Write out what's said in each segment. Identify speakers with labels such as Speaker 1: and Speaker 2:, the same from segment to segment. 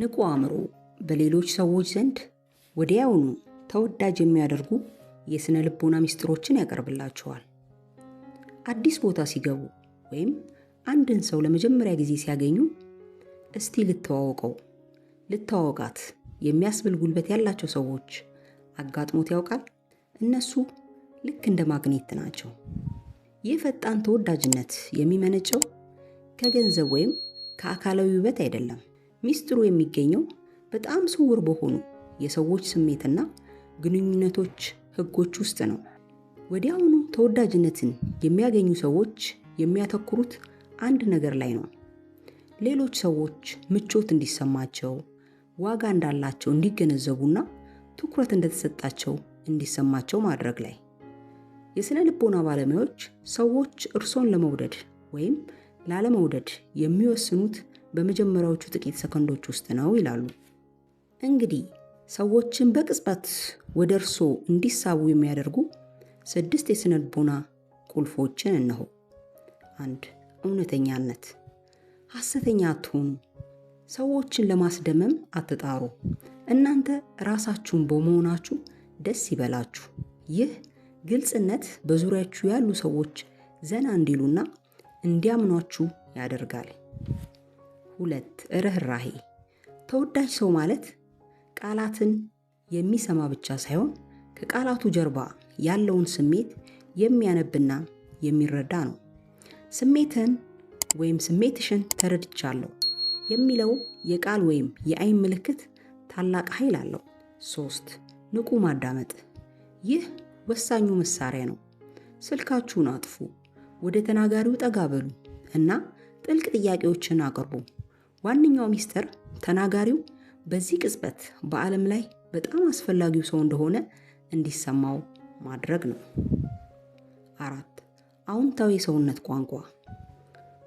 Speaker 1: ንቁ አእምሮ በሌሎች ሰዎች ዘንድ ወዲያውኑ ተወዳጅ የሚያደርጉ የሥነ ልቦና ምስጢሮችን ያቀርብላቸዋል። አዲስ ቦታ ሲገቡ ወይም አንድን ሰው ለመጀመሪያ ጊዜ ሲያገኙ እስቲ ልተዋወቀው፣ ልተዋወቃት የሚያስብል ጉልበት ያላቸው ሰዎች አጋጥሞት ያውቃል? እነሱ ልክ እንደ ማግኔት ናቸው። ይህ ፈጣን ተወዳጅነት የሚመነጨው ከገንዘብ ወይም ከአካላዊ ውበት አይደለም። ሚስጥሩ የሚገኘው በጣም ስውር በሆኑ የሰዎች ስሜትና ግንኙነቶች ህጎች ውስጥ ነው። ወዲያውኑ ተወዳጅነትን የሚያገኙ ሰዎች የሚያተኩሩት አንድ ነገር ላይ ነው። ሌሎች ሰዎች ምቾት እንዲሰማቸው፣ ዋጋ እንዳላቸው እንዲገነዘቡና ትኩረት እንደተሰጣቸው እንዲሰማቸው ማድረግ ላይ። የሥነ ልቦና ባለሙያዎች ሰዎች እርሶን ለመውደድ ወይም ላለመውደድ የሚወስኑት በመጀመሪያዎቹ ጥቂት ሰከንዶች ውስጥ ነው ይላሉ። እንግዲህ ሰዎችን በቅጽበት ወደ እርሶ እንዲሳቡ የሚያደርጉ ስድስት የስነ ልቦና ቁልፎችን እነሆ። አንድ እውነተኛነት። ሐሰተኛ አትሆኑ። ሰዎችን ለማስደመም አትጣሩ። እናንተ ራሳችሁን በመሆናችሁ ደስ ይበላችሁ። ይህ ግልጽነት በዙሪያችሁ ያሉ ሰዎች ዘና እንዲሉና እንዲያምኗችሁ ያደርጋል። ሁለት ርኅራሄ ተወዳጅ ሰው ማለት ቃላትን የሚሰማ ብቻ ሳይሆን ከቃላቱ ጀርባ ያለውን ስሜት የሚያነብና የሚረዳ ነው። ስሜትን ወይም ስሜትሽን ተረድቻለሁ የሚለው የቃል ወይም የአይን ምልክት ታላቅ ኃይል አለው። ሶስት ንቁ ማዳመጥ። ይህ ወሳኙ መሳሪያ ነው። ስልካችሁን አጥፉ፣ ወደ ተናጋሪው ጠጋ በሉ እና ጥልቅ ጥያቄዎችን አቅርቡ። ዋነኛው ሚስጥር ተናጋሪው በዚህ ቅጽበት በዓለም ላይ በጣም አስፈላጊው ሰው እንደሆነ እንዲሰማው ማድረግ ነው። አራት አውንታዊ የሰውነት ቋንቋ።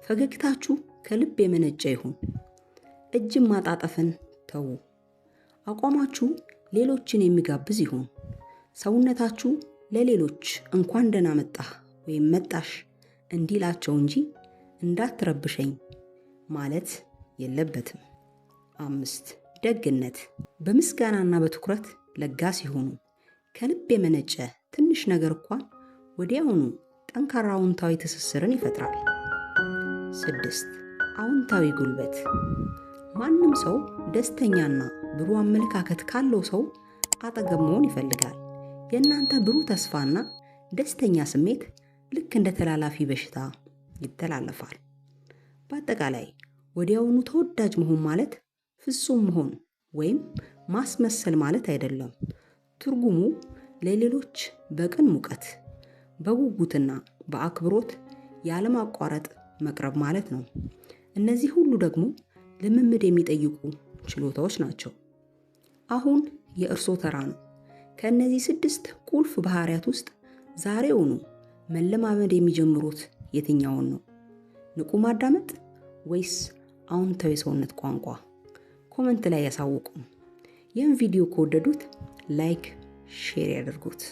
Speaker 1: ፈገግታችሁ ከልብ የመነጨ ይሁን። እጅን ማጣጠፍን ተዉ። አቋማችሁ ሌሎችን የሚጋብዝ ይሁን። ሰውነታችሁ ለሌሎች እንኳን ደህና መጣህ ወይም መጣሽ እንዲላቸው እንጂ እንዳትረብሸኝ ማለት የለበትም። አምስት ደግነት በምስጋናና በትኩረት ለጋስ ይሁኑ። ከልብ የመነጨ ትንሽ ነገር እንኳን ወዲያውኑ ጠንካራ አውንታዊ ትስስርን ይፈጥራል። ስድስት አውንታዊ ጉልበት ማንም ሰው ደስተኛና ብሩህ አመለካከት ካለው ሰው አጠገብ መሆን ይፈልጋል። የእናንተ ብሩህ ተስፋና ደስተኛ ስሜት ልክ እንደ ተላላፊ በሽታ ይተላለፋል። በአጠቃላይ ወዲያውኑ ተወዳጅ መሆን ማለት ፍጹም መሆን ወይም ማስመሰል ማለት አይደለም። ትርጉሙ ለሌሎች በቅን ሙቀት፣ በጉጉትና በአክብሮት ያለማቋረጥ መቅረብ ማለት ነው። እነዚህ ሁሉ ደግሞ ልምምድ የሚጠይቁ ችሎታዎች ናቸው። አሁን የእርሶ ተራ ነው። ከእነዚህ ስድስት ቁልፍ ባህሪያት ውስጥ ዛሬውኑ መለማመድ የሚጀምሩት የትኛውን ነው? ንቁ ማዳመጥ ወይስ አዎንታዊ የሰውነት ቋንቋ ኮመንት ላይ ያሳውቁ። ይህን ቪዲዮ ከወደዱት ላይክ፣ ሼር ያድርጉት።